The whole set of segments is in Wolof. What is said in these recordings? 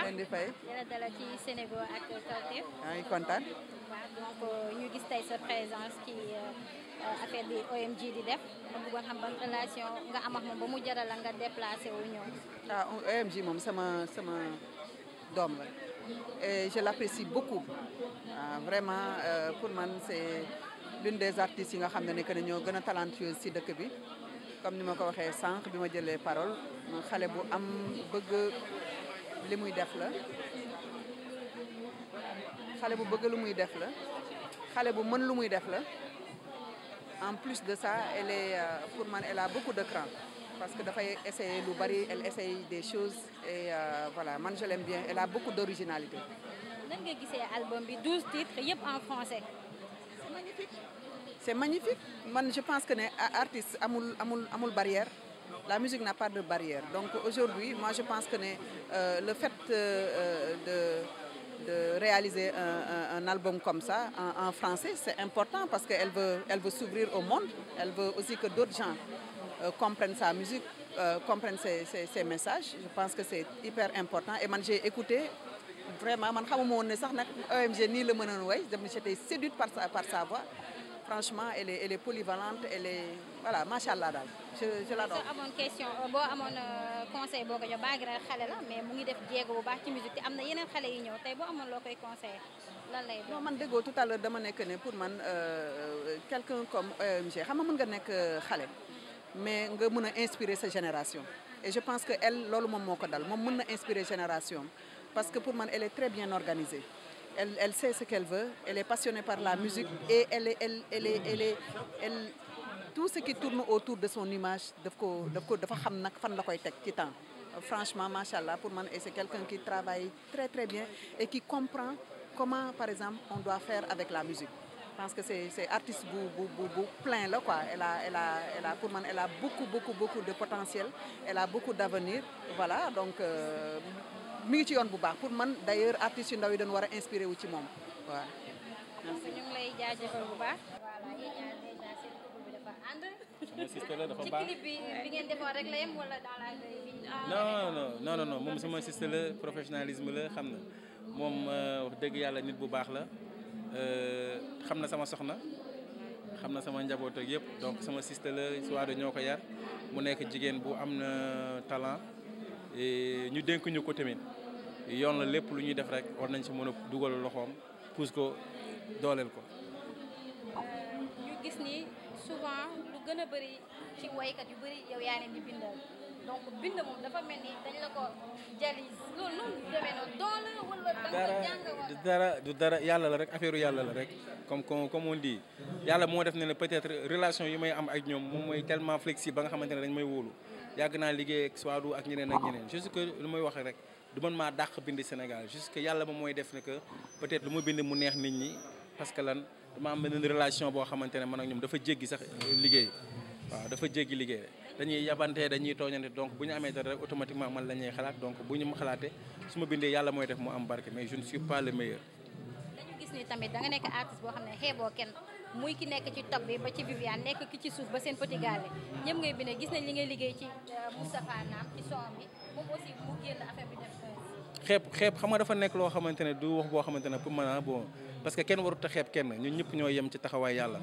baax leen di fay. ñu la ci Sénégal ak Kawtef. maa kontaan. donc euh, ñu gis tey sa présence ci euh, affaire bi OMG di def ma bëggoon xam ban relation nga am ak moom ba mu jaral la nga déplacé wu ñëw. waaw ah, OMG moom sama sama doom la et je l'apprécie beaucoup ah, vraiment euh, pour man c'est l'une des artistes yi nga xam ne ne que ne ñoo gën a talentueuse si dëkk bi comme ni ma ko waxee sànq bi ma jëlee parole xale bu am bëgg. li muy def la xale bu bëgg lu muy def la xale bu mën lu muy def la en plus de ça elle est euh, pour man elle a beaucoup de cran parce que dafay essayer lu bari elle essaye des choses et euh, voilà man je l'aime bien elle a beaucoup d'originalité nan nga gisee album bi douze titres yëpp en français c'est magnifique man je pense que ne artiste amul amul amul barrière La musique n'a pas de barrière. Donc aujourd'hui, moi je pense que euh, le fait euh, euh de, de, réaliser un, un, album comme ça en, en français, c'est important parce qu'elle veut, elle veut s'ouvrir au monde. Elle veut aussi que d'autres gens euh, comprennent sa musique, euh, comprennent ses, ses, ses, messages. Je pense que c'est hyper important. Et moi j'ai écouté vraiment, je ne savais pas OMG ni le J'étais séduite par sa, par sa voix. franchement elle est elle est polyvalente elle est daal. je je l'adore soo euh, boo amoon euh, conseil boo ko jox baa ngi xale la mais mu ngi def jéego bu baax ci musique te am na yeneen xale yi ñëw tey boo amoon loo koy conseillé lan lay doon. man déggoo tout à l'heure dama nekk ne pour man euh, quelqu'un comme OMG xam nga mën nga nekk xale. mais nga mun a inspirer sa génération. et je pense que elle loolu moom moo ko dal moom mun na inspirer génération parce que pour man elle est très bien Elle, elle sait ce qu'elle veut, elle est passionnée par la musique et elle est, elle, elle tout ce qui tourne autour de son image daf ko daf ko dafa xam nag fan la koy teg ci temps franchement macha allah pour man et c'est quelqu'un qui travaille très très bien et qui comprend comment par exemple on doit faire avec la musique parce que c'est c'est artiste bu bu bu bu plein la quoi elle a pour man elle a beaucoup beaucoup beaucoup de potentiel elle a beaucoup d'avenir voilà donc euh, mi ngi ci yoon bu baax pour man d'ailleurs artistes yu ndaw yi dañu war a inspiré wu ci moom waaw. merci ñu ngi lay la dafa moom sama sister la professionnalisme la xam na moom euh, wax dëgg yàlla nit bu baax la euh, xam na sama soxna xam na sama njaboot ak yëpp donc sama sister la Suwaado ñoo ko yar mu nekk jigéen bu am na talent. ñu dénk ñu ko tamit yoon la lépp lu ñuy def rek war nañ si mën a dugal loxoom pousse ko dooleel ko. Euh, ñu gis ni souvent lu gën a bëri ci woykat yu bëri yow yaa leen di bindal donc bind moom dafa mel ni dañ la ko jali loolu noonu noonu doole wala da nga jàng wala dara dara yàlla la rek affaire yàlla la rek comme comme on dit yàlla moo def ne peut-être relation yi may am ay ñoom moom mooy tellement flexible ba nga xamante ne dañ may wóolu. yàgg naa liggéey ak Soirou ak ñeneen ak ñeneen juste que lu may wax rek du man maa dàq bind Sénégal juste que yàlla moom mooy def ne que peut-être lu ma bind mu neex nit ñi parce que lan dama am benn relation boo xamante ne man ak ñoom dafa jéggi sax liggéey waaw dafa jéggi liggéey dañuy yabante dañuy tooñante donc bu ñu amee dara automatiquement man la xalaat donc bu ñu ma xalaatee su ma bindee yàlla mooy def mu am barke mais je ne suis pas le meilleur. dañu gis ni tamit da nga nekk artiste boo xam ne xeeboo muy ki nekk ci top bi ba ci Viviane nekk ki ci suuf ba seen petit gallé ñëpp ngay bine gis nañ li ngay liggéey ci euh, Moustapha Naam ci son bi moom aussi mu xam nga dafa nekk loo xamante ne du wax boo xamante ne pour mën a ah, bon parce que kenn warut a kenn ñun ñëpp ñoo yem ci taxawaay yàlla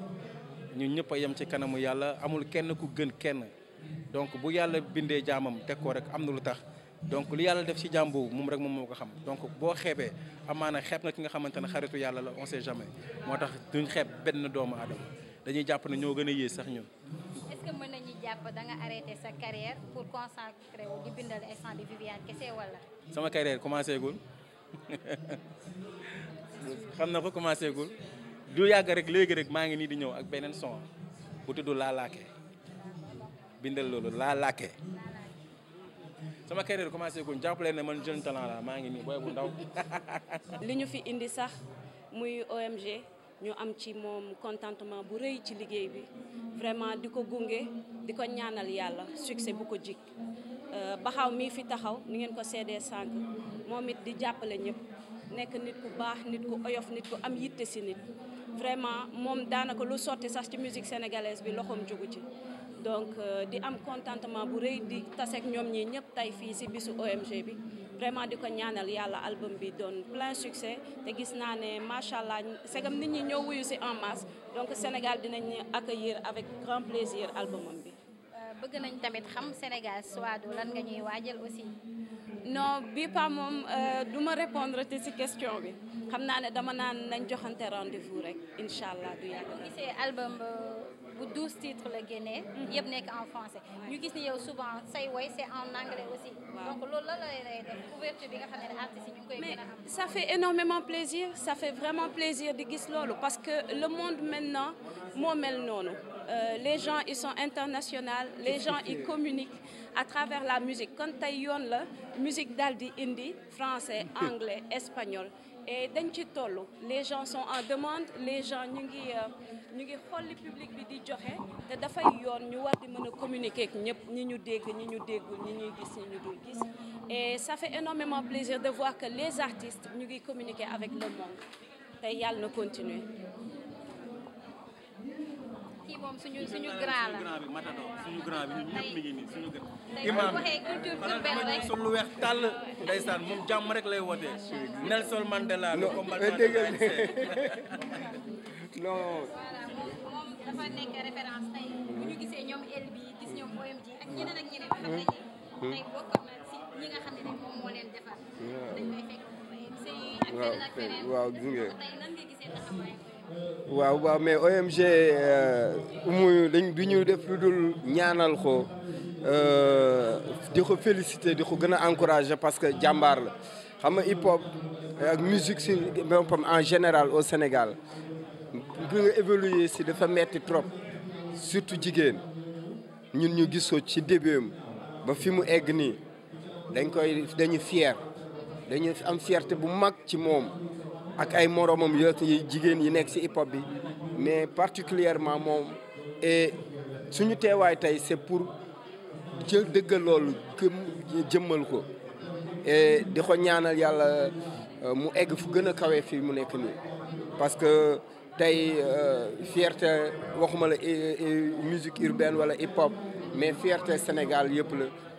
ñun ñëpp a yem ci kanamu yàlla amul kenn ku gën kenn donc bu yàlla bindee jaamam teg ko rek am na lu tax donc li yàlla def ci jàmm boobu moom rek moom moo ko xam donc boo xeebee amaana xeeb nga ki nga xamante ne xaritu yàlla la on sait jamais moo tax duñ xeeb benn doomu aadama dañuy jàpp na ñoo gën a yées sax ñun. est-ce sama carrière commencé gul xam na ko commencé gul du yàgg rek léegi rek maa ngi nii di ñëw ak beneen son bu tudd laa laakee bindal loolu laa laakee. sama carrière commencé guñ jàppale ne man jeune talent la maa ngi nii booy bu ndaw. li ñu fi indi sax muy OMG ñu am ci moom contentement bu rëy ci liggéey bi vraiment di ko gunge di ko ñaanal yàlla succès bu ko jik euh, baxaw mii fi taxaw ni ngeen ko seedee sànq moom it di jàppale ñëpp nekk nit ku baax nit ku oyof nit ku am yitte si nit vraiment moom daanaka lu sotti sax ci musique sénégalaise bi loxoom jógu ci donc euh, di am contentement bu rëy di taseek ñoom ñi ñëpp tey fii si bisu OMG bi vraiment di ko ñaanal yàlla album bi doon plein succès te gis naa ne macha allah segam nit ñi ñoo wuyu si en masse donc Sénégal dinañ accueillir avec grand plaisir albumam bi. Euh, bëgg nañ tamit xam Sénégal Sowadoo lan nga ñuy waajal aussi. no bi pa moom euh, du ma répondre te si question bi xam naa ne dama naan nañ joxante rendez rek incha allah du yàgg. gisee album bu douze titres la génnee mhm. yëpp en français ñu gis yow souvent say woy c'est en anglais aussi donc loolu la lay lay def couverture bi nga xam ne artistes yi plaisir ça di gis loolu parce que le monde maintenant moo mel euh, les gens ils sont internationaux les gens ils communiquent à travers la musique kon tey yoon la musique daal di indi français anglais espagnol dañ ci tollu les gens sont en demande les gens ñi ngi euh, ñu ngi xool public bi di joxe te dafay yoon ñu war di mën a communiquer ak ñëpp ñi ñu dégg ñi ñu dégg ñi ñuy gis ñi ñu dul gis et ça fait énormément plaisir de voir que les artistes ñu ngi communiquer avec le monde te yàlla na continuer kii moom suñu grand bi matador suñu grand bi ñun ñëpp mi ngi nii suñu grand. bi tey lu weex tàll. ndeysaan moom jàmm rek lay wootee. Nelson Mandela. non dégg gisee ñoom El bi gis ñoom OMG ak ñeneen ak ñeneen. Hmm. Hmm. xam ne ñi moom moo leen defar. Hmm. waaw waaw waaw waaw mais OMG euh, muy dañ du ñu def lu ñaanal ko euh, di ko féliciter di ko gën a encourager parce que jàmbaar la xam nga hip hop ak musique si boppam en général au Sénégal bu nga évoluer si dafa metti trop surtout jigéen ñun ñu gisoo ci début ba fi mu egg nii dañ koy dañu fier dañu am fierté bu mag ci moom ak ay moromam yëpp jigéen yi nekk si hip bi mais particulièrement moom et suñu teewaay tey c'est pour jël dëggal jëmmal ko e di ko ñaanal yàlla euh, mu egg fu gën a kawe fii mu nekk nii parce que tey euh, fierté waxuma la euh, musique urbaine wala hip mais fierté Sénégal yëpp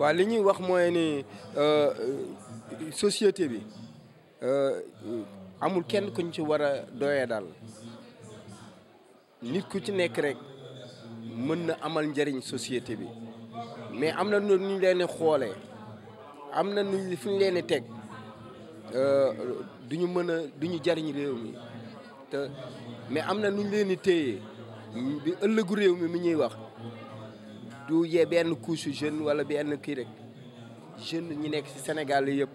waa li ñuy wax mooy ni euh, euh, société bi euh, amul kenn kuñ ci war a doyee daal nit ku ci nekk rek mën na amal njëriñ société bi mais am na nu ñu leen xoolee am na nu fu ñu leen teg du ñu mën a du ñu jariñ réew mi te mais am na nu ñu leen di téye bi ëllëgu réew mi mi ñuy wax du yee benn couche jeune wala benn kii rek jeune ñi nekk si Sénégal yëpp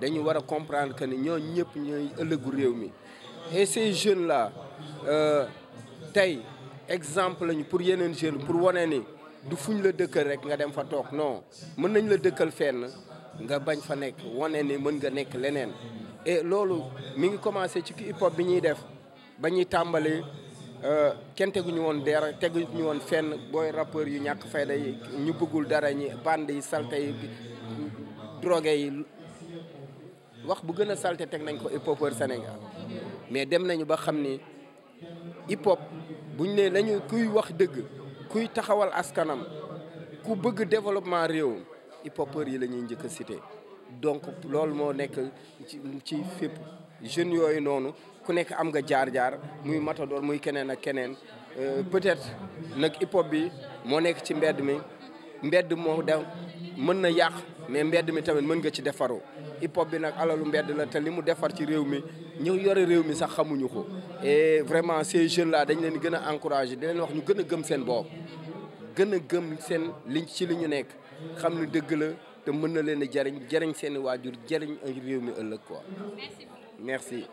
dañu war a comprendre que ni ñoo ñëpp ñooy ëllëgu réew mi et ces la là euh, tey exemple lañu pour yeneen jeunes pour wane ni du fuñ la dëkkal rek nga dem fa toog non mën nañ la dëkkal fenn nga bañ fa nekk wane ni mën nga nekk leneen et loolu mi ngi commencé ci hip hop bi ñuy def ba ñuy tàmbali Euh, kenn teguñu woon deer teguñu woon fenn booy rappeurs yu ñàkk fayda yi ñu bëggul dara ñi bande yi salte yi drogue yi wax bu gën a salte teg nañ ko hip hopeur Sénégal mais dem nañu ba xam ni hip hop buñ ne lañu kuy wax dëgg kuy taxawal askanam ku bëgg développement réew hip hopeur yi la ñuy njëkk a cité donc loolu moo nekk ci ci fépp jeunes yooyu noonu ku nekk am nga jaar-jaar muy Matador muy keneen ak keneen euh, peut-être nag hip bi moo nekk ci mbedd mi mbedd moo def mën na yàq mais mbedd mi tamit mën nga ci defaru hip bi nag alalu mbedd la te li mu defar ci réew mi ñu yore réew mi sax xamuñu ko et vraiment ces jeune la dañ leen gën a encouragé di leen wax ñu gën a gëm seen bopp gën a gëm seen liñ ci li ñu nekk xam ne dëgg la te mën na leen a jariñ jariñ seen i waajur jariñ réew mi ëllëg quoi merci